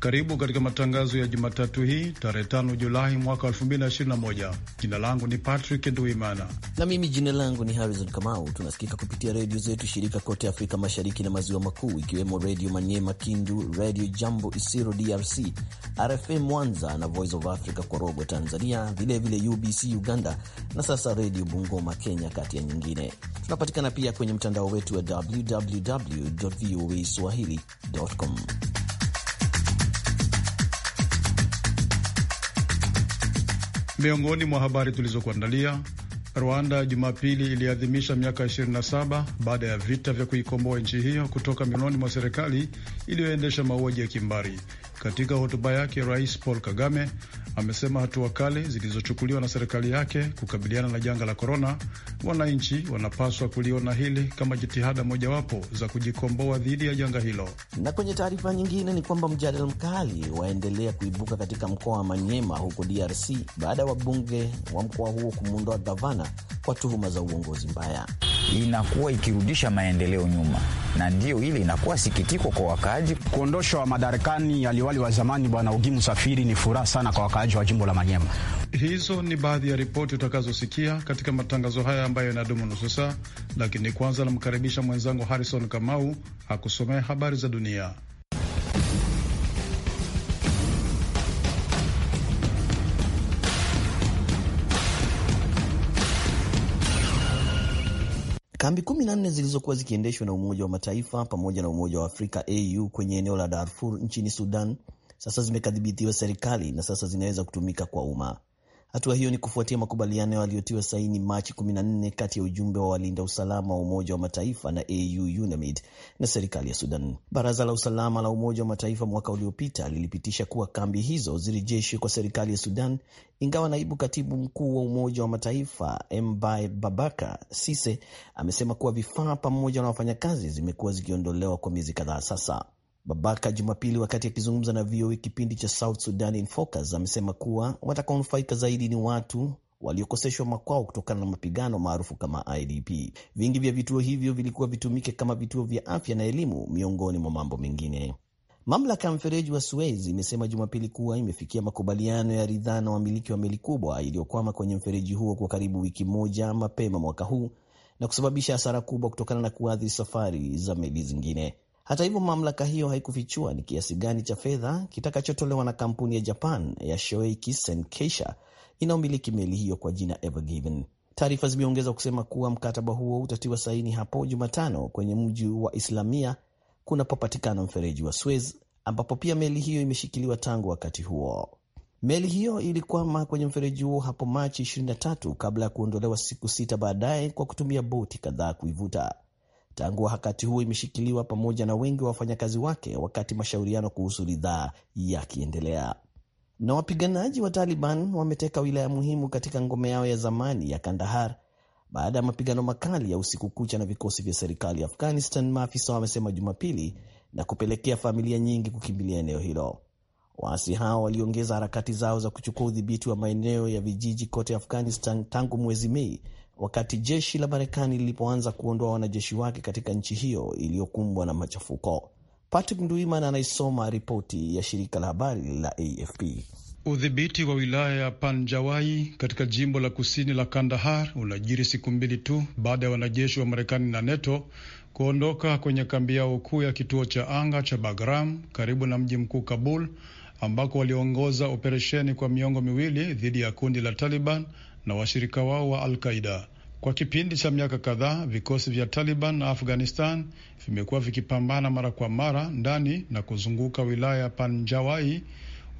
Karibu katika matangazo ya Jumatatu hii tarehe 5 Julai mwaka 2021. Jina langu ni Patrick Nduimana na mimi jina langu ni Harrison Kamau. Tunasikika kupitia redio zetu shirika kote Afrika Mashariki na Maziwa Makuu, ikiwemo Redio Maniema Kindu, Redio Jambo Isiro DRC, rfm Mwanza na Voice of Africa Korogwe Tanzania, vilevile UBC Uganda na sasa Redio Bungoma Kenya, kati ya nyingine. Tunapatikana pia kwenye mtandao wetu wa www voa com Miongoni mwa habari tulizokuandalia, Rwanda Jumapili iliadhimisha miaka 27 baada ya vita vya kuikomboa nchi hiyo kutoka mikononi mwa serikali iliyoendesha mauaji ya kimbari. Katika hotuba yake, Rais Paul Kagame amesema hatua kali zilizochukuliwa na serikali yake kukabiliana na janga la korona Wananchi wanapaswa kuliona hili kama jitihada mojawapo za kujikomboa dhidi ya janga hilo. Na kwenye taarifa nyingine ni kwamba mjadala mkali waendelea kuibuka katika mkoa wa Manyema huko DRC baada ya wabunge wa mkoa huo kumuondoa gavana kwa tuhuma za uongozi mbaya inakuwa ikirudisha maendeleo nyuma, na ndiyo ile inakuwa sikitiko kwa wakaaji. Kuondoshwa madarakani aliwali wa zamani Bwana Ugi Msafiri ni furaha sana kwa wakaaji wa jimbo la Manyema. Hizo ni baadhi ya ripoti utakazosikia katika matangazo haya ambayo yanadumu nusu saa, lakini kwanza namkaribisha mwenzangu Harrison Kamau akusomea habari za dunia. Kambi kumi na nne zilizokuwa zikiendeshwa na Umoja wa Mataifa pamoja na Umoja wa Afrika AU kwenye eneo la Darfur nchini Sudan sasa zimekadhibitiwa serikali na sasa zinaweza kutumika kwa umma. Hatua hiyo ni kufuatia makubaliano yaliyotiwa saini Machi 14 kati ya ujumbe wa walinda usalama wa Umoja wa Mataifa na AU UNAMID na serikali ya Sudan. Baraza la Usalama la Umoja wa Mataifa mwaka uliopita lilipitisha kuwa kambi hizo zirejeshwe kwa serikali ya Sudan, ingawa naibu katibu mkuu wa Umoja wa Mataifa Mbaye Babaka Sise amesema kuwa vifaa pamoja na wafanyakazi zimekuwa zikiondolewa kwa miezi kadhaa sasa. Babaka Jumapili wakati akizungumza na VOA kipindi cha South Sudan in Focus amesema kuwa watakaonufaika zaidi ni watu waliokoseshwa makwao kutokana na mapigano maarufu kama IDP. Vingi vya vituo hivyo vilikuwa vitumike kama vituo vya afya na elimu miongoni mwa mambo mengine. Mamlaka ya mfereji wa Suez imesema Jumapili kuwa imefikia makubaliano ya ridhaa na wamiliki wa meli kubwa iliyokwama kwenye mfereji huo kwa karibu wiki moja mapema mwaka huu na kusababisha hasara kubwa kutokana na kuathiri safari za meli zingine. Hata hivyo, mamlaka hiyo haikufichua ni kiasi gani cha fedha kitakachotolewa na kampuni ya Japan ya Shoei Kisen Keisha inayomiliki meli hiyo kwa jina Ever Given. Taarifa zimeongeza kusema kuwa mkataba huo utatiwa saini hapo Jumatano kwenye mji wa Islamia kunapopatikana mfereji wa Suez, ambapo pia meli hiyo imeshikiliwa tangu wakati huo. Meli hiyo ilikwama kwenye mfereji huo hapo Machi 23 kabla ya kuondolewa siku sita baadaye kwa kutumia boti kadhaa kuivuta tangu wakati huo imeshikiliwa pamoja na wengi wa wafanyakazi wake, wakati mashauriano kuhusu ridhaa yakiendelea. Na wapiganaji wa Taliban wameteka wilaya muhimu katika ngome yao ya zamani ya Kandahar baada ya mapigano makali ya usiku kucha na vikosi vya serikali ya Afghanistan, maafisa wamesema Jumapili, na kupelekea familia nyingi kukimbilia eneo hilo. Waasi hao waliongeza harakati zao za kuchukua udhibiti wa maeneo ya vijiji kote Afghanistan tangu mwezi Mei wakati jeshi la Marekani lilipoanza kuondoa wanajeshi wake katika nchi hiyo iliyokumbwa na machafuko. Patrick Nduiman anaisoma ripoti ya shirika la habari la AFP. Udhibiti wa wilaya ya Panjawai katika jimbo la kusini la Kandahar unajiri siku mbili tu baada ya wanajeshi wa Marekani na NATO kuondoka kwenye kambi yao kuu ya kituo cha anga cha Bagram karibu na mji mkuu Kabul, ambako waliongoza operesheni kwa miongo miwili dhidi ya kundi la Taliban na washirika wao wa Al-Qaida. Kwa kipindi cha miaka kadhaa, vikosi vya Taliban na Afghanistan vimekuwa vikipambana mara kwa mara ndani na kuzunguka wilaya ya Panjawai,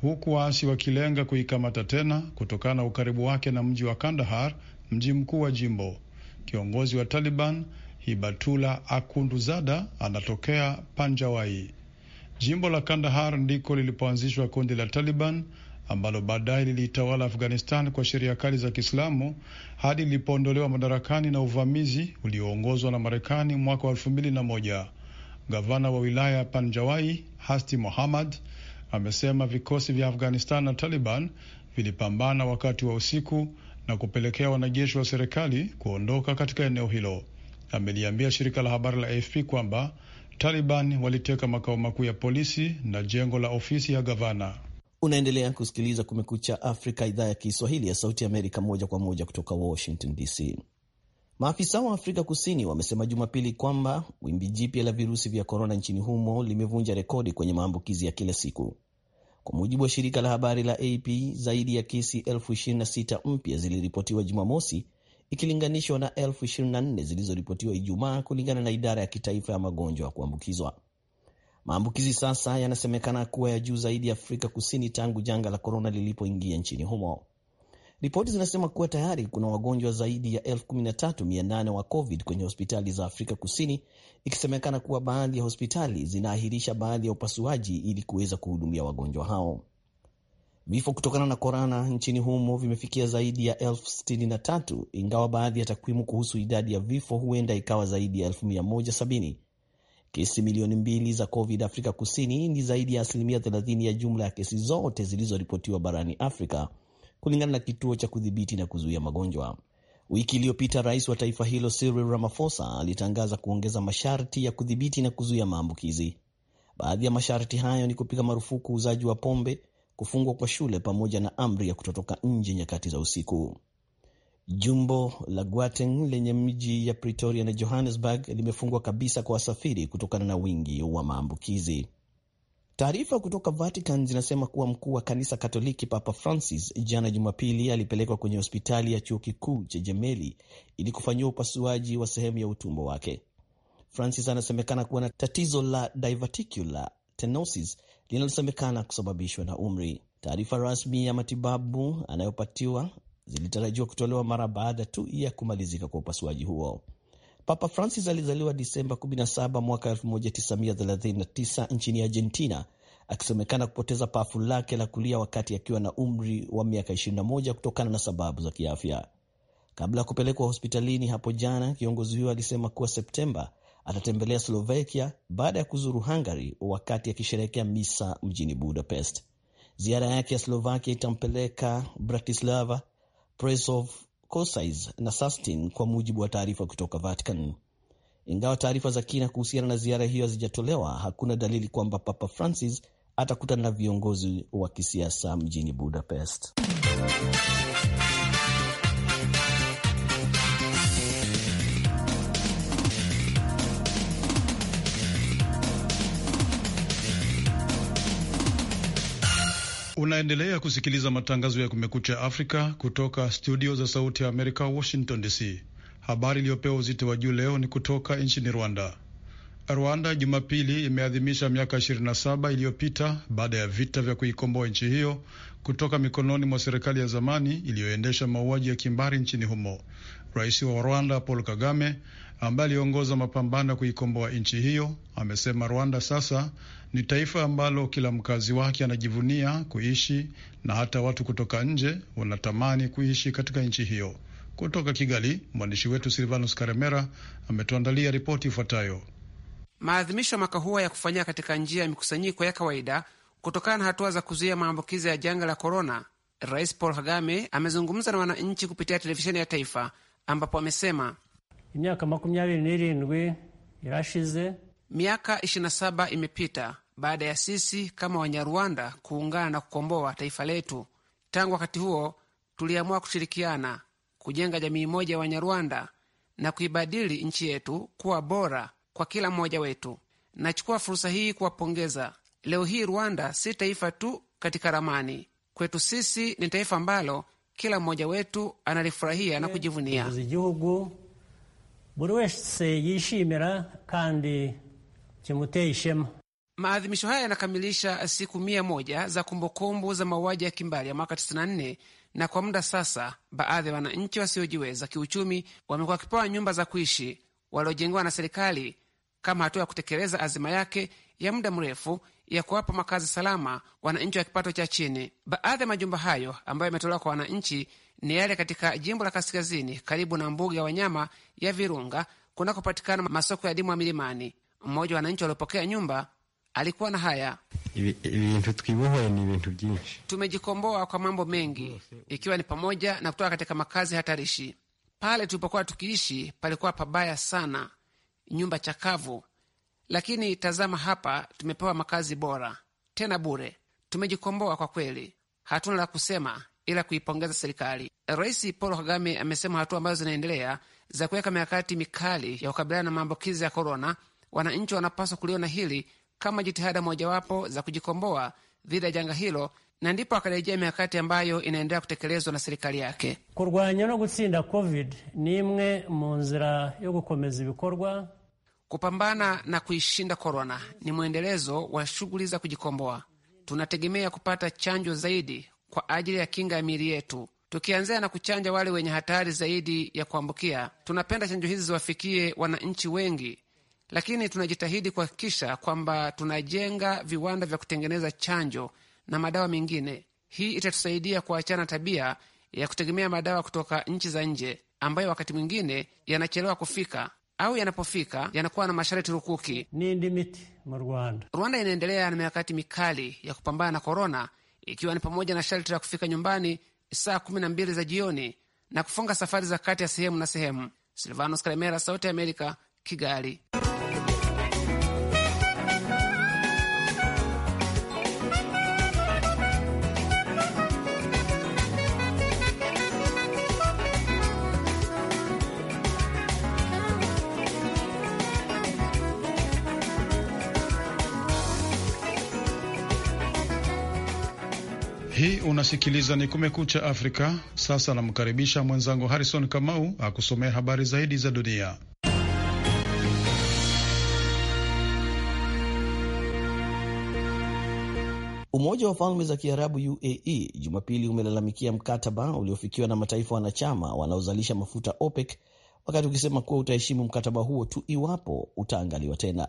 huku waasi wakilenga kuikamata tena kutokana na ukaribu wake na mji wa Kandahar, mji mkuu wa jimbo. Kiongozi wa Taliban Hibatula Akunduzada anatokea Panjawai. Jimbo la Kandahar ndiko lilipoanzishwa kundi la Taliban ambalo baadaye liliitawala Afghanistan kwa sheria kali za Kiislamu hadi lilipoondolewa madarakani na uvamizi ulioongozwa na Marekani mwaka wa elfu mbili na moja. Gavana wa wilaya ya Panjawai Hasti Mohammad amesema vikosi vya Afghanistan na Taliban vilipambana wakati wa usiku na kupelekea wanajeshi wa serikali kuondoka katika eneo hilo. Ameliambia shirika la habari la AFP kwamba Taliban waliteka makao makuu ya polisi na jengo la ofisi ya gavana. Unaendelea kusikiliza Kumekucha Afrika, idhaa ya Kiswahili ya Sauti Amerika, moja kwa moja kutoka Washington DC. Maafisa wa Afrika Kusini wamesema Jumapili kwamba wimbi jipya la virusi vya korona nchini humo limevunja rekodi kwenye maambukizi ya kila siku. Kwa mujibu wa shirika la habari la AP, zaidi ya kesi 26 mpya ziliripotiwa Jumamosi ikilinganishwa na 24 zilizoripotiwa Ijumaa, kulingana na idara ya kitaifa ya magonjwa ya kuambukizwa. Maambukizi sasa yanasemekana kuwa ya juu zaidi Afrika Kusini tangu janga la korona lilipoingia nchini humo. Ripoti zinasema kuwa tayari kuna wagonjwa zaidi ya 13800 wa COVID kwenye hospitali za Afrika Kusini, ikisemekana kuwa baadhi ya hospitali zinaahirisha baadhi ya upasuaji ili kuweza kuhudumia wagonjwa hao. Vifo kutokana na korona nchini humo vimefikia zaidi ya 63, ingawa baadhi ya takwimu kuhusu idadi ya vifo huenda ikawa zaidi ya elfu Kesi milioni mbili za COVID Afrika Kusini ni zaidi ya asilimia 30 ya jumla ya kesi zote zilizoripotiwa barani Afrika, kulingana na kituo cha kudhibiti na kuzuia magonjwa. Wiki iliyopita rais wa taifa hilo Cyril Ramaphosa alitangaza kuongeza masharti ya kudhibiti na kuzuia maambukizi. Baadhi ya masharti hayo ni kupiga marufuku uuzaji wa pombe, kufungwa kwa shule pamoja na amri ya kutotoka nje nyakati za usiku. Jimbo la Gauteng lenye miji ya Pretoria na Johannesburg limefungwa kabisa kwa wasafiri kutokana na wingi wa maambukizi. Taarifa kutoka Vatican zinasema kuwa mkuu wa kanisa Katoliki Papa Francis jana Jumapili alipelekwa kwenye hospitali ya chuo kikuu cha Jemeli ili kufanyiwa upasuaji wa sehemu ya utumbo wake. Francis anasemekana kuwa na tatizo la diverticular tenosis linalosemekana kusababishwa na umri. Taarifa rasmi ya matibabu anayopatiwa zilitarajiwa kutolewa mara baada tu ya kumalizika kwa upasuaji huo. Papa Francis alizaliwa Disemba 17 mwaka 1939 nchini Argentina, akisemekana kupoteza pafu lake la kulia wakati akiwa na umri wa miaka 21 kutokana na sababu za kiafya. Kabla ya kupelekwa hospitalini hapo jana, kiongozi huyo alisema kuwa Septemba atatembelea Slovakia baada ya kuzuru Hungary wakati akisherehekea misa mjini Budapest. Ziara yake ya Slovakia itampeleka Bratislava Presov, Kosais na Sastin, kwa mujibu wa taarifa kutoka Vatican. Ingawa taarifa za kina kuhusiana na ziara hiyo hazijatolewa, hakuna dalili kwamba Papa Francis atakutana na viongozi wa kisiasa mjini Budapest. Unaendelea kusikiliza matangazo ya Kumekucha Afrika kutoka studio za Sauti ya Amerika, Washington DC. Habari iliyopewa uzito wa juu leo ni kutoka nchini Rwanda. Rwanda Jumapili imeadhimisha miaka 27 iliyopita baada ya vita vya kuikomboa nchi hiyo kutoka mikononi mwa serikali ya zamani iliyoendesha mauaji ya kimbari nchini humo. Rais wa Rwanda Paul Kagame, ambaye aliongoza mapambano ya kuikomboa nchi hiyo, amesema Rwanda sasa ni taifa ambalo kila mkazi wake anajivunia kuishi na hata watu kutoka nje wanatamani kuishi katika nchi hiyo. Kutoka Kigali, mwandishi wetu Silvanus Karemera ametuandalia ripoti ifuatayo. Maadhimisho mwaka huo ya kufanyika katika njia ya mikusanyiko ya kawaida kutokana na hatua za kuzuia maambukizi ya janga la korona. Rais Paul Kagame amezungumza na wananchi kupitia televisheni ya taifa, ambapo amesema miaka 27 imepita baada ya sisi kama Wanyarwanda kuungana na kukomboa taifa letu. Tangu wakati huo tuliamua kushirikiana kujenga jamii moja ya Wanyarwanda na kuibadili nchi yetu kuwa bora kwa kila mmoja wetu. Nachukua fursa hii kuwapongeza. Leo hii Rwanda si taifa tu katika ramani, kwetu sisi ni taifa ambalo kila mmoja wetu analifurahia na kujivunia. buri wese yishimira kandi kimuteye ishema Maadhimisho haya yanakamilisha siku mia moja za kumbukumbu za mauaji ya kimbali ya mwaka 94 na kwa muda sasa, baadhi ya wananchi wasiojiweza kiuchumi wamekuwa wakipewa nyumba za kuishi waliojengewa na serikali kama hatua ya kutekeleza azima yake ya muda mrefu ya kuwapa makazi salama wananchi wa kipato cha chini. Baadhi ya majumba hayo ambayo yametolewa kwa wananchi ni yale katika jimbo la kaskazini karibu na mbuga ya wanyama ya Virunga kunakopatikana masoko ya dimu ya milimani. Mmoja wa wananchi waliopokea nyumba alikuwa na haya tumejikomboa kwa mambo mengi, ikiwa ni pamoja na kutoka katika makazi hatarishi. Pale tulipokuwa tukiishi palikuwa pabaya sana, nyumba chakavu, lakini tazama hapa, tumepewa makazi bora tena bure. Tumejikomboa kwa kweli, hatuna la kusema ila kuipongeza serikali. Rais Paul Kagame amesema hatua ambazo zinaendelea za kuweka mikakati mikali ya kukabiliana na maambukizi ya korona, wananchi wanapaswa kuliona hili kama jitihada mojawapo za kujikomboa dhidi ya janga hilo, na ndipo akarejea mikakati ambayo inaendelea kutekelezwa na serikali yake. kurwanya no gutsinda covid ni imwe mu nzira yo gukomeza ibikorwa. Kupambana na kuishinda korona ni mwendelezo wa shughuli za kujikomboa. Tunategemea kupata chanjo zaidi kwa ajili ya kinga ya miili yetu, tukianzia na kuchanja wale wenye hatari zaidi ya kuambukia. Tunapenda chanjo hizi ziwafikie wananchi wengi lakini tunajitahidi kuhakikisha kwamba tunajenga viwanda vya kutengeneza chanjo na madawa mengine. Hii itatusaidia kuachana tabia ya kutegemea madawa kutoka nchi za nje ambayo wakati mwingine yanachelewa kufika au yanapofika yanakuwa na masharti rukuki. Rwanda inaendelea na mikakati mikali ya kupambana na korona, ikiwa ni pamoja na sharti la kufika nyumbani saa kumi na mbili za jioni na kufunga safari za kati ya sehemu na sehemu. Silvanos Kalemera, Sauti ya Amerika, Kigali. Unasikiliza ni Kumekucha Afrika. Sasa namkaribisha mwenzangu Harrison Kamau akusomea habari zaidi za dunia. Umoja wa Falme za Kiarabu UAE Jumapili umelalamikia mkataba uliofikiwa na mataifa wanachama wanaozalisha mafuta OPEC, wakati ukisema kuwa utaheshimu mkataba huo tu iwapo utaangaliwa tena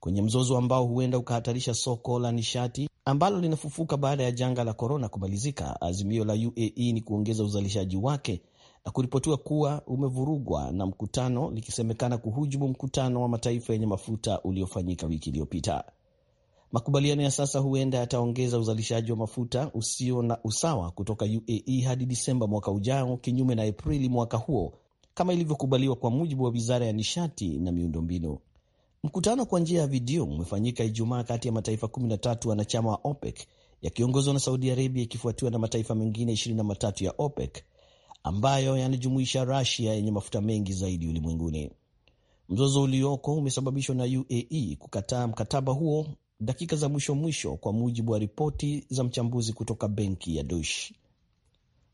kwenye mzozo ambao huenda ukahatarisha soko la nishati ambalo linafufuka baada ya janga la korona kumalizika, azimio la UAE ni kuongeza uzalishaji wake na kuripotiwa kuwa umevurugwa na mkutano, likisemekana kuhujumu mkutano wa mataifa yenye mafuta uliofanyika wiki iliyopita. Makubaliano ya sasa huenda yataongeza uzalishaji wa mafuta usio na usawa kutoka UAE hadi Disemba mwaka ujao, kinyume na Aprili mwaka huo, kama ilivyokubaliwa, kwa mujibu wa wizara ya nishati na miundombinu. Mkutano kwa njia ya video umefanyika Ijumaa kati ya mataifa 13 wanachama wa OPEC yakiongozwa na Saudi Arabia ikifuatiwa na mataifa mengine 23 ya OPEC ambayo yanajumuisha rasia yenye mafuta mengi zaidi ulimwenguni. Mzozo ulioko umesababishwa na UAE kukataa mkataba huo dakika za mwisho mwisho, kwa mujibu wa ripoti za mchambuzi kutoka benki ya Dush.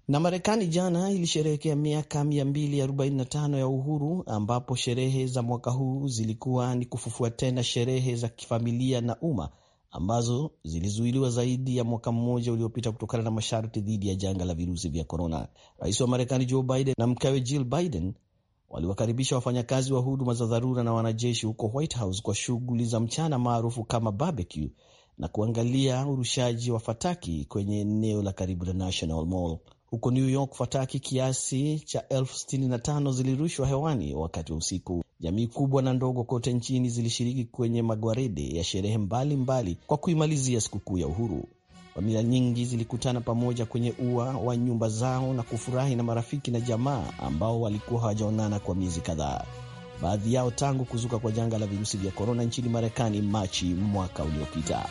Na Marekani jana ilisherehekea miaka 245 ya uhuru, ambapo sherehe za mwaka huu zilikuwa ni kufufua tena sherehe za kifamilia na umma ambazo zilizuiliwa zaidi ya mwaka mmoja uliopita kutokana na masharti dhidi ya janga la virusi vya korona. Rais wa Marekani Joe Biden na mkewe Jill Biden waliwakaribisha wafanyakazi wa huduma za dharura na wanajeshi huko White House kwa shughuli za mchana maarufu kama barbecue na kuangalia urushaji wa fataki kwenye eneo la karibu na National Mall. Huko New York, fataki kiasi cha elfu sitini na tano zilirushwa hewani wakati wa usiku. Jamii kubwa na ndogo kote nchini zilishiriki kwenye magwaride ya sherehe mbalimbali mbali kwa kuimalizia sikukuu ya uhuru. Familia nyingi zilikutana pamoja kwenye ua wa nyumba zao na kufurahi na marafiki na jamaa ambao walikuwa hawajaonana kwa miezi kadhaa, baadhi yao tangu kuzuka kwa janga la virusi vya korona nchini Marekani Machi mwaka uliopita.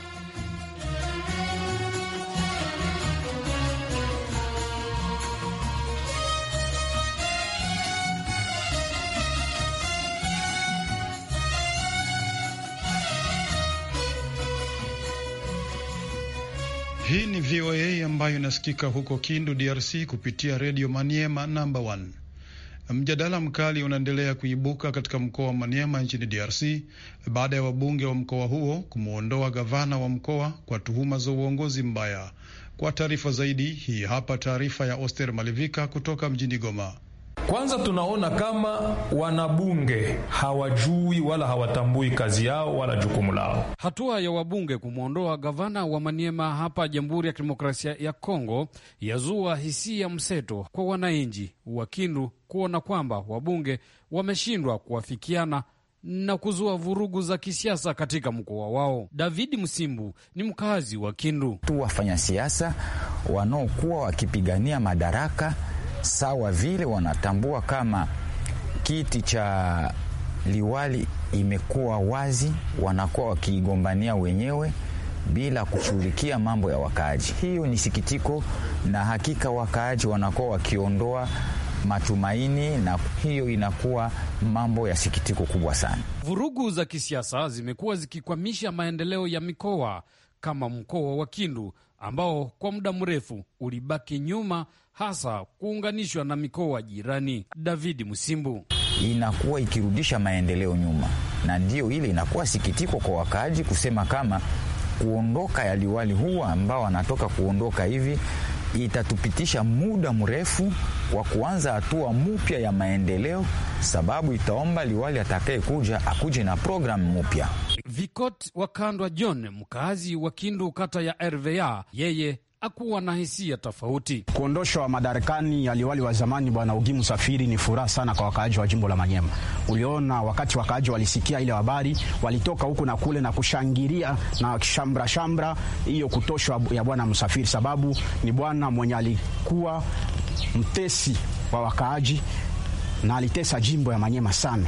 ambayo inasikika huko Kindu, DRC, kupitia redio Maniema namba 1. Mjadala mkali unaendelea kuibuka katika mkoa wa Maniema nchini DRC baada ya wabunge wa mkoa huo kumwondoa gavana wa mkoa kwa tuhuma za uongozi mbaya. Kwa taarifa zaidi, hii hapa taarifa ya Oster Malivika kutoka mjini Goma. Kwanza tunaona kama wanabunge hawajui wala hawatambui kazi yao wala jukumu lao. Hatua ya wabunge kumwondoa gavana wa Maniema hapa Jamhuri ya Kidemokrasia ya Kongo yazua hisia mseto kwa wananchi wa Kindu kuona kwamba wabunge wameshindwa kuwafikiana na kuzua vurugu za kisiasa katika mkoa wao. Davidi Msimbu ni mkazi wa Kindu. Tu wafanya siasa wanaokuwa wakipigania madaraka sawa vile wanatambua kama kiti cha liwali imekuwa wazi, wanakuwa wakiigombania wenyewe bila kushughulikia mambo ya wakaaji. Hiyo ni sikitiko, na hakika wakaaji wanakuwa wakiondoa matumaini na hiyo inakuwa mambo ya sikitiko kubwa sana. Vurugu za kisiasa zimekuwa zikikwamisha maendeleo ya mikoa kama mkoa wa Kindu ambao kwa muda mrefu ulibaki nyuma hasa kuunganishwa na mikoa jirani. David Musimbu inakuwa ikirudisha maendeleo nyuma, na ndiyo ile inakuwa sikitiko kwa wakaaji kusema kama kuondoka ya liwali huwa ambao anatoka kuondoka hivi itatupitisha muda mrefu wa kuanza hatua mpya ya maendeleo, sababu itaomba liwali atakayekuja akuje na programu mpya. Vikot Wakandwa John, mkazi wa Kindu, kata ya RVA, yeye akuwa na hisia tofauti. Kuondoshwa madarakani aliwali wa zamani Bwana Ugi Musafiri ni furaha sana kwa wakaaji wa jimbo la Manyema. Uliona wakati wakaaji walisikia ile habari, walitoka huku na kule na kushangilia na shamra shambra hiyo kutoshwa ya Bwana msafiri sababu ni bwana mwenye alikuwa mtesi wa wakaaji na alitesa jimbo ya Manyema sana.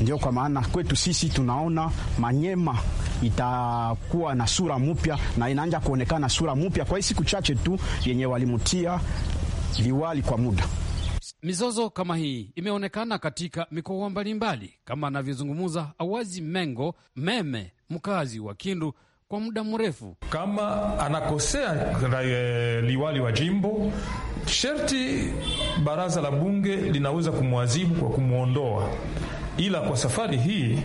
Ndio kwa maana kwetu sisi tunaona Manyema itakuwa na sura mpya na inaanza kuonekana sura mpya kwa hii siku chache tu yenye walimutia liwali kwa muda. Mizozo kama hii imeonekana katika mikoa mbalimbali kama anavyozungumza Awazi Mengo Meme, mkazi wa Kindu kwa muda mrefu. Kama anakosea eh, liwali wa jimbo, sherti baraza la bunge linaweza kumwazibu kwa kumwondoa ila kwa safari hii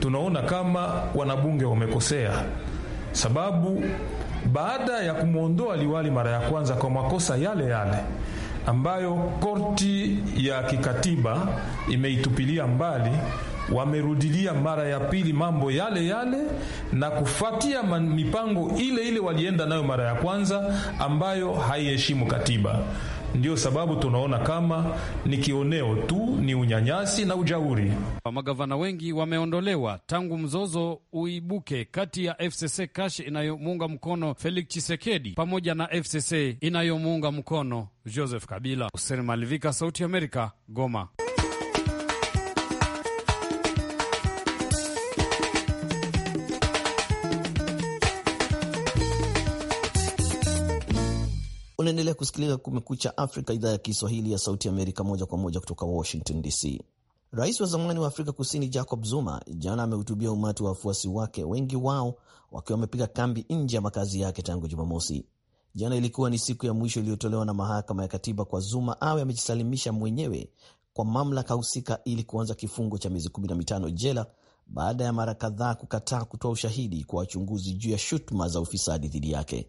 tunaona kama wanabunge wamekosea, sababu baada ya kumwondoa liwali mara ya kwanza kwa makosa yale yale ambayo korti ya kikatiba imeitupilia mbali, wamerudilia mara ya pili mambo yale yale, na kufuatia mipango ile ile walienda nayo mara ya kwanza ambayo haiheshimu katiba. Ndiyo sababu tunaona kama ni kioneo tu, ni unyanyasi na ujauri. Magavana wengi wameondolewa tangu mzozo uibuke kati ya FCC Kash inayomuunga mkono Felix Chisekedi pamoja na FCC inayomuunga mkono Joseph Kabila. Hussein Malivika, Sauti ya Amerika, Goma. Unaendelea kusikiliza Kumekucha Afrika, idhaa ya Kiswahili ya Sauti Amerika, moja kwa moja kutoka Washington DC. Rais wa zamani wa Afrika Kusini Jacob Zuma jana amehutubia umati wa wafuasi wake, wengi wao wakiwa wamepiga kambi nje ya makazi yake tangu Jumamosi. Jana ilikuwa ni siku ya mwisho iliyotolewa na mahakama ya katiba kwa Zuma awe amejisalimisha mwenyewe kwa mamlaka husika ili kuanza kifungo cha miezi 15 jela baada ya mara kadhaa kukataa kutoa ushahidi kwa wachunguzi juu ya shutuma za ufisadi dhidi yake.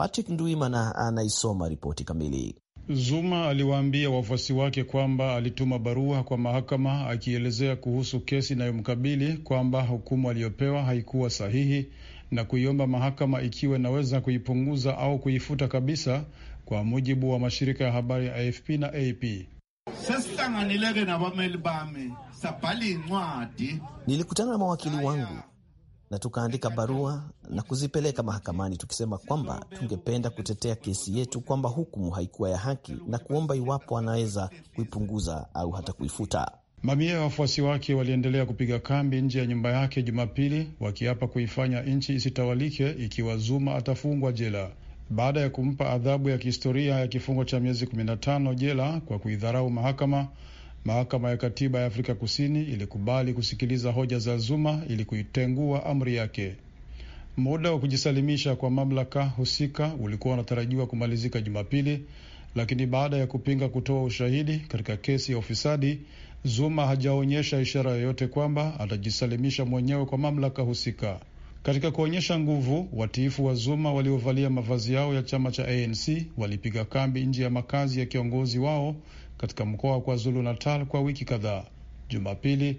Patrick Nduimana anaisoma ripoti kamili. Zuma aliwaambia wafuasi wake kwamba alituma barua kwa mahakama akielezea kuhusu kesi inayomkabili kwamba hukumu aliyopewa haikuwa sahihi na kuiomba mahakama ikiwa inaweza kuipunguza au kuifuta kabisa, kwa mujibu wa mashirika ya habari ya AFP na AP. Nilikutana na mawakili wangu na tukaandika barua na kuzipeleka mahakamani tukisema kwamba tungependa kutetea kesi yetu kwamba hukumu haikuwa ya haki na kuomba iwapo anaweza kuipunguza au hata kuifuta. Mamia ya wafuasi wake waliendelea kupiga kambi nje ya nyumba yake Jumapili, wakiapa kuifanya nchi isitawalike ikiwa Zuma atafungwa jela baada ya kumpa adhabu ya kihistoria ya kifungo cha miezi 15 jela kwa kuidharau mahakama. Mahakama ya Katiba ya Afrika Kusini ilikubali kusikiliza hoja za Zuma ili kuitengua amri yake. Muda wa kujisalimisha kwa mamlaka husika ulikuwa unatarajiwa kumalizika Jumapili, lakini baada ya kupinga kutoa ushahidi katika kesi ya ufisadi, Zuma hajaonyesha ishara yoyote kwamba atajisalimisha mwenyewe kwa mamlaka husika. Katika kuonyesha nguvu, watiifu wa Zuma waliovalia mavazi yao ya chama cha ANC walipiga kambi nje ya makazi ya kiongozi wao katika mkoa wa KwaZulu Natal kwa wiki kadhaa. Jumapili,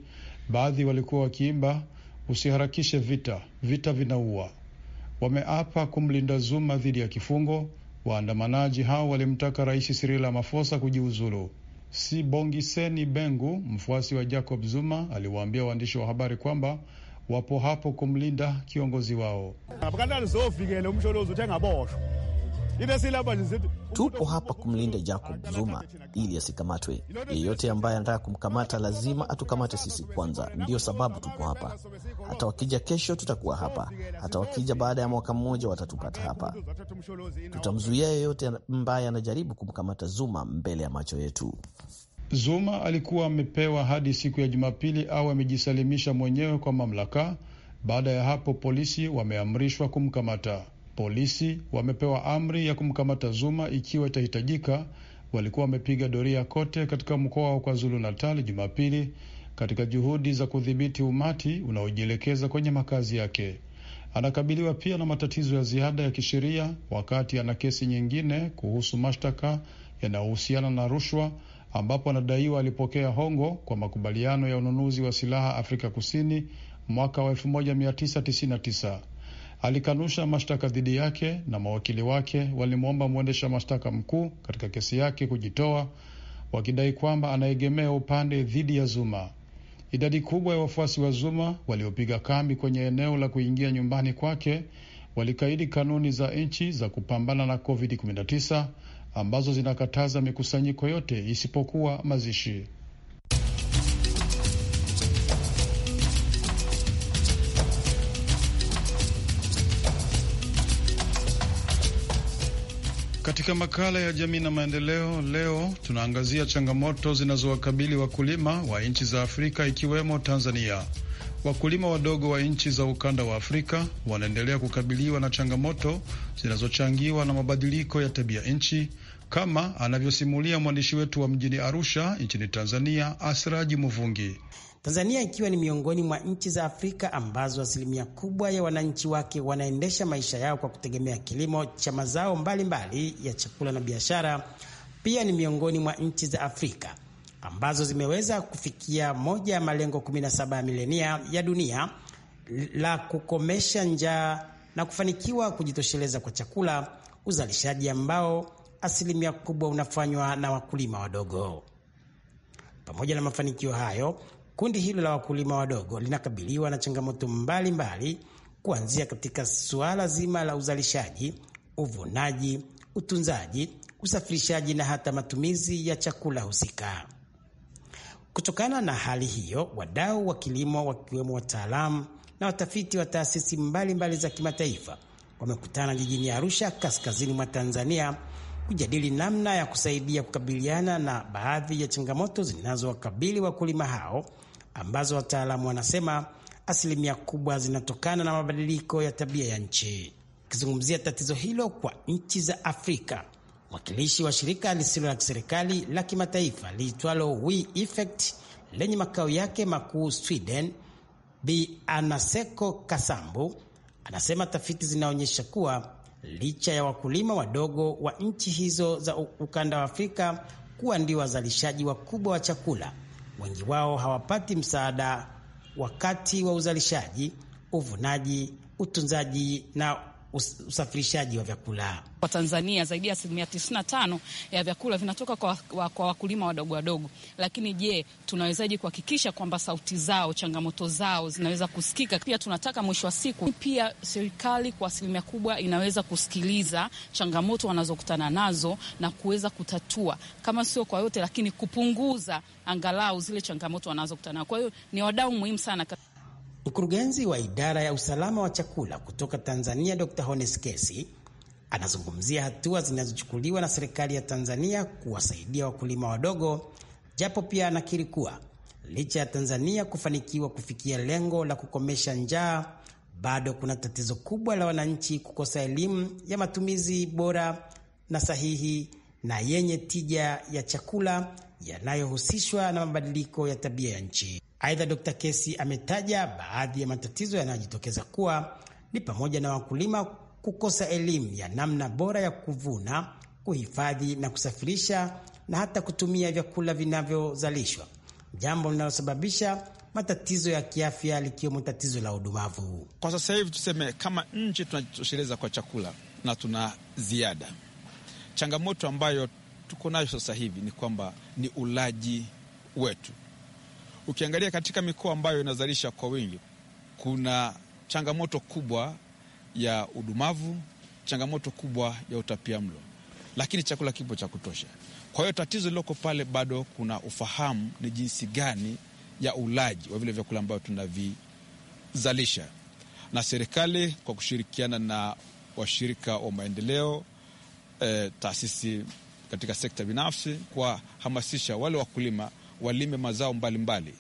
baadhi walikuwa wakiimba usiharakishe vita, vita vinaua. Wameapa kumlinda Zuma dhidi ya kifungo. Waandamanaji hao walimtaka Rais Cyril Ramaphosa kujiuzulu. Sibongiseni Bengu, mfuasi wa Jacob Zuma, aliwaambia waandishi wa habari kwamba wapo hapo kumlinda kiongozi wao. Tupo hapa kumlinda Jacob Zuma ili asikamatwe. Yeyote ambaye anataka kumkamata lazima atukamate sisi kwanza, ndiyo sababu tupo hapa. Hata wakija kesho tutakuwa hapa, hata wakija baada ya mwaka mmoja watatupata hapa. Tutamzuia yeyote ambaye anajaribu kumkamata Zuma mbele ya macho yetu. Zuma alikuwa amepewa hadi siku ya Jumapili au amejisalimisha mwenyewe kwa mamlaka. Baada ya hapo, polisi wameamrishwa kumkamata. Polisi wamepewa amri ya kumkamata Zuma ikiwa itahitajika. Walikuwa wamepiga doria kote katika mkoa wa KwaZulu Natal Jumapili katika juhudi za kudhibiti umati unaojielekeza kwenye makazi yake. Anakabiliwa pia na matatizo ya ziada ya kisheria, wakati ana kesi nyingine kuhusu mashtaka yanayohusiana na rushwa ambapo anadaiwa alipokea hongo kwa makubaliano ya ununuzi wa silaha Afrika Kusini mwaka wa 1999. Alikanusha mashtaka dhidi yake na mawakili wake walimwomba mwendesha mashtaka mkuu katika kesi yake kujitoa, wakidai kwamba anaegemea upande dhidi ya Zuma. Idadi kubwa ya wafuasi wa Zuma waliopiga kambi kwenye eneo la kuingia nyumbani kwake walikaidi kanuni za nchi za kupambana na COVID-19 ambazo zinakataza mikusanyiko yote isipokuwa mazishi. Katika makala ya jamii na maendeleo, leo tunaangazia changamoto zinazowakabili wakulima wa nchi za Afrika ikiwemo Tanzania. Wakulima wadogo wa nchi za ukanda wa Afrika wanaendelea kukabiliwa na changamoto zinazochangiwa na mabadiliko ya tabia nchi, kama anavyosimulia mwandishi wetu wa mjini Arusha nchini Tanzania, Asraji Muvungi. Tanzania ikiwa ni miongoni mwa nchi za Afrika ambazo asilimia kubwa ya wananchi wake wanaendesha maisha yao kwa kutegemea kilimo cha mazao mbalimbali mbali ya chakula na biashara, pia ni miongoni mwa nchi za Afrika ambazo zimeweza kufikia moja ya malengo 17 ya milenia ya dunia la kukomesha njaa na kufanikiwa kujitosheleza kwa chakula, uzalishaji ambao asilimia kubwa unafanywa na wakulima wadogo. Pamoja na mafanikio hayo, kundi hilo la wakulima wadogo linakabiliwa na changamoto mbalimbali, kuanzia katika suala zima la uzalishaji, uvunaji, utunzaji, usafirishaji na hata matumizi ya chakula husika. Kutokana na hali hiyo, wadau wa kilimo wakiwemo wataalamu na watafiti wa taasisi mbalimbali za kimataifa wamekutana jijini Arusha, kaskazini mwa Tanzania kujadili namna ya kusaidia kukabiliana na baadhi ya changamoto zinazowakabili wakulima hao ambazo wataalamu wanasema asilimia kubwa zinatokana na mabadiliko ya tabia ya nchi. Akizungumzia tatizo hilo kwa nchi za Afrika, mwakilishi wa shirika lisilo la kiserikali la kimataifa liitwalo We Effect lenye makao yake makuu Sweden, Bi Anaseko Kasambu anasema tafiti zinaonyesha kuwa licha ya wakulima wadogo wa nchi hizo za ukanda wa Afrika kuwa ndio wazalishaji wakubwa wa chakula, wengi wao hawapati msaada wakati wa uzalishaji, uvunaji, utunzaji na usafirishaji wa vyakula kwa Tanzania. Zaidi ya asilimia 95 ya vyakula vinatoka kwa, wa, kwa wakulima wadogo wadogo, lakini je, tunawezaje kuhakikisha kwamba sauti zao, changamoto zao zinaweza kusikika? Pia tunataka mwisho wa siku, pia serikali kwa asilimia kubwa inaweza kusikiliza changamoto wanazokutana nazo na kuweza kutatua, kama sio kwa yote, lakini kupunguza angalau zile changamoto wanazokutana nazo. Kwa hiyo ni wadau muhimu sana. Mkurugenzi wa idara ya usalama wa chakula kutoka Tanzania, Dr. Hones Kesi anazungumzia hatua zinazochukuliwa na serikali ya Tanzania kuwasaidia wakulima wadogo, japo pia anakiri kuwa licha ya Tanzania kufanikiwa kufikia lengo la kukomesha njaa, bado kuna tatizo kubwa la wananchi kukosa elimu ya matumizi bora na sahihi na yenye tija ya chakula yanayohusishwa na mabadiliko ya tabia ya nchi. Aidha, d Kesi ametaja baadhi ya matatizo yanayojitokeza kuwa ni pamoja na wakulima kukosa elimu ya namna bora ya kuvuna, kuhifadhi na kusafirisha na hata kutumia vyakula vinavyozalishwa, jambo linalosababisha matatizo ya kiafya likiwemo tatizo la udumavu. Kwa sasa hivi tuseme, kama nchi tunajitosheleza kwa chakula na tuna ziada. Changamoto ambayo tuko nayo sasa hivi ni kwamba ni ulaji wetu Ukiangalia katika mikoa ambayo inazalisha kwa wingi, kuna changamoto kubwa ya udumavu, changamoto kubwa ya utapia mlo, lakini chakula kipo cha kutosha. Kwa hiyo tatizo lilioko pale bado kuna ufahamu ni jinsi gani ya ulaji wa vile vyakula ambavyo tunavizalisha, na serikali kwa kushirikiana na washirika wa maendeleo eh, taasisi katika sekta binafsi kuwahamasisha wale wakulima walime mazao mbalimbali mbali.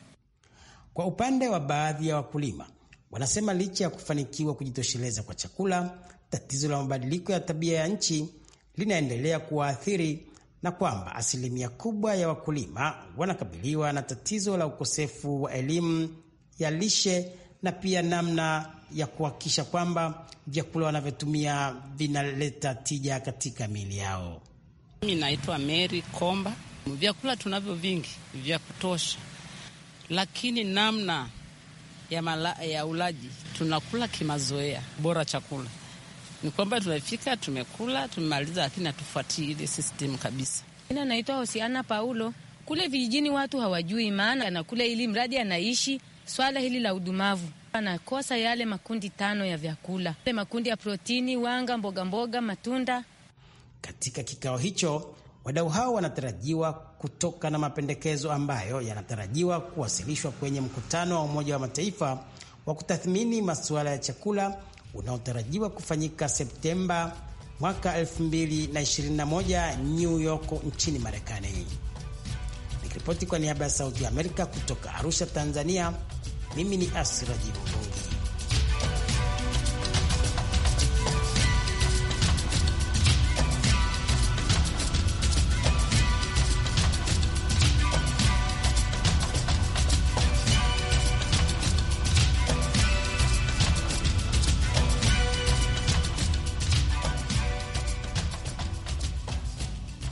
Kwa upande wa baadhi ya wakulima wanasema licha ya kufanikiwa kujitosheleza kwa chakula, tatizo la mabadiliko ya tabia ya nchi linaendelea kuwaathiri na kwamba asilimia kubwa ya wakulima wanakabiliwa na tatizo la ukosefu wa elimu ya lishe na pia namna ya kuhakikisha kwamba vyakula wanavyotumia vinaleta tija katika miili yao. Mi naitwa Mary Komba Vyakula tunavyo vingi vya kutosha, lakini namna ya, mala, ya ulaji tunakula kimazoea. Bora chakula ni kwamba tumefika, tumekula, tumemaliza, lakini hatufuatii ile system kabisa. Ina naitwa Hosiana Paulo. Kule vijijini watu hawajui maana anakula ili mradi anaishi swala hili la udumavu anakosa yale makundi tano ya vyakula, makundi ya protini, wanga, mbogamboga, mboga, matunda. Katika kikao hicho Wadau hao wanatarajiwa kutoka na mapendekezo ambayo yanatarajiwa kuwasilishwa kwenye mkutano wa Umoja wa Mataifa wa kutathmini masuala ya chakula unaotarajiwa kufanyika Septemba mwaka 2021 New York nchini Marekani. Nikiripoti kwa niaba ya Sauti ya Amerika kutoka Arusha, Tanzania, mimi ni Asira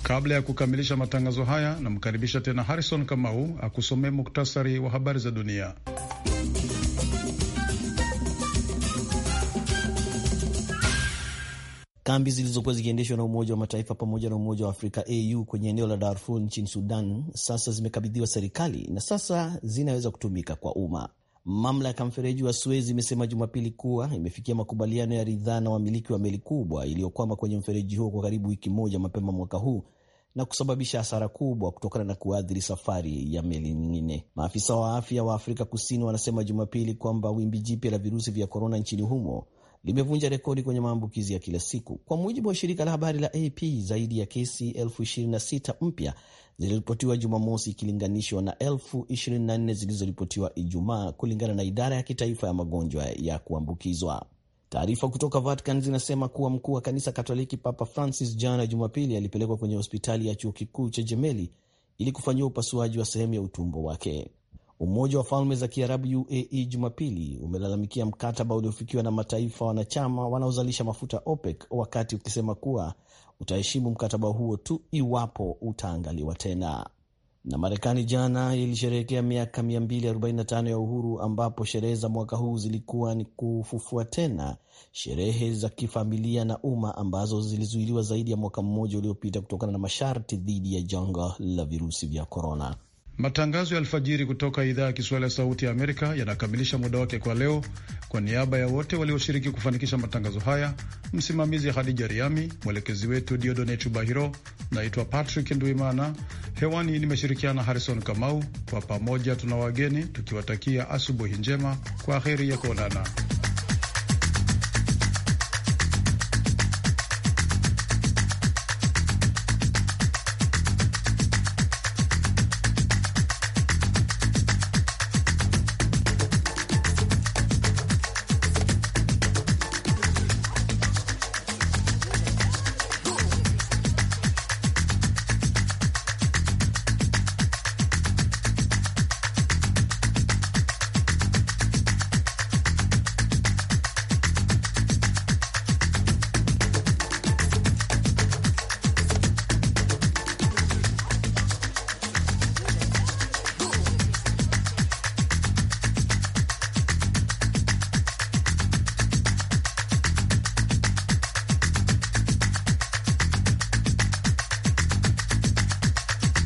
Kabla ya kukamilisha matangazo haya, namkaribisha tena Harrison Kamau akusomee muktasari wa habari za dunia. Kambi zilizokuwa zikiendeshwa na Umoja wa Mataifa pamoja na Umoja wa Afrika au kwenye eneo la Darfur nchini Sudan sasa zimekabidhiwa serikali na sasa zinaweza kutumika kwa umma. Mamlaka mfereji wa Suez imesema Jumapili kuwa imefikia makubaliano ya ridhaa na wamiliki wa meli kubwa iliyokwama kwenye mfereji huo kwa karibu wiki moja mapema mwaka huu na kusababisha hasara kubwa kutokana na kuathiri safari ya meli nyingine. Maafisa wa afya wa Afrika Kusini wanasema Jumapili kwamba wimbi jipya la virusi vya korona nchini humo limevunja rekodi kwenye maambukizi ya kila siku. Kwa mujibu wa shirika la habari la AP, zaidi ya kesi 26 mpya ziliripotiwa Jumamosi ikilinganishwa na 24 zilizoripotiwa Ijumaa, kulingana na idara ya kitaifa ya magonjwa ya kuambukizwa. Taarifa kutoka Vatican zinasema kuwa mkuu wa kanisa Katoliki Papa Francis jana Jumapili alipelekwa kwenye hospitali ya chuo kikuu cha Jemeli ili kufanyiwa upasuaji wa sehemu ya utumbo wake. Umoja wa Falme za Kiarabu UAE Jumapili umelalamikia mkataba uliofikiwa na mataifa wanachama wanaozalisha mafuta OPEC, wakati ukisema kuwa utaheshimu mkataba huo tu iwapo utaangaliwa tena na Marekani jana ilisherehekea miaka 245 ya uhuru, ambapo sherehe za mwaka huu zilikuwa ni kufufua tena sherehe za kifamilia na umma ambazo zilizuiliwa zaidi ya mwaka mmoja uliopita kutokana na masharti dhidi ya janga la virusi vya korona. Matangazo ya alfajiri kutoka idhaa ya Kiswahili ya Sauti ya Amerika yanakamilisha muda wake kwa leo. Kwa niaba ya wote walioshiriki kufanikisha matangazo haya, msimamizi Hadija Riami, mwelekezi wetu Diodone Chubahiro. Naitwa Patrick nduimana hewani nimeshirikiana Harrison Kamau. Kwa pamoja tuna wageni tukiwatakia asubuhi njema, kwa heri ya kuonana.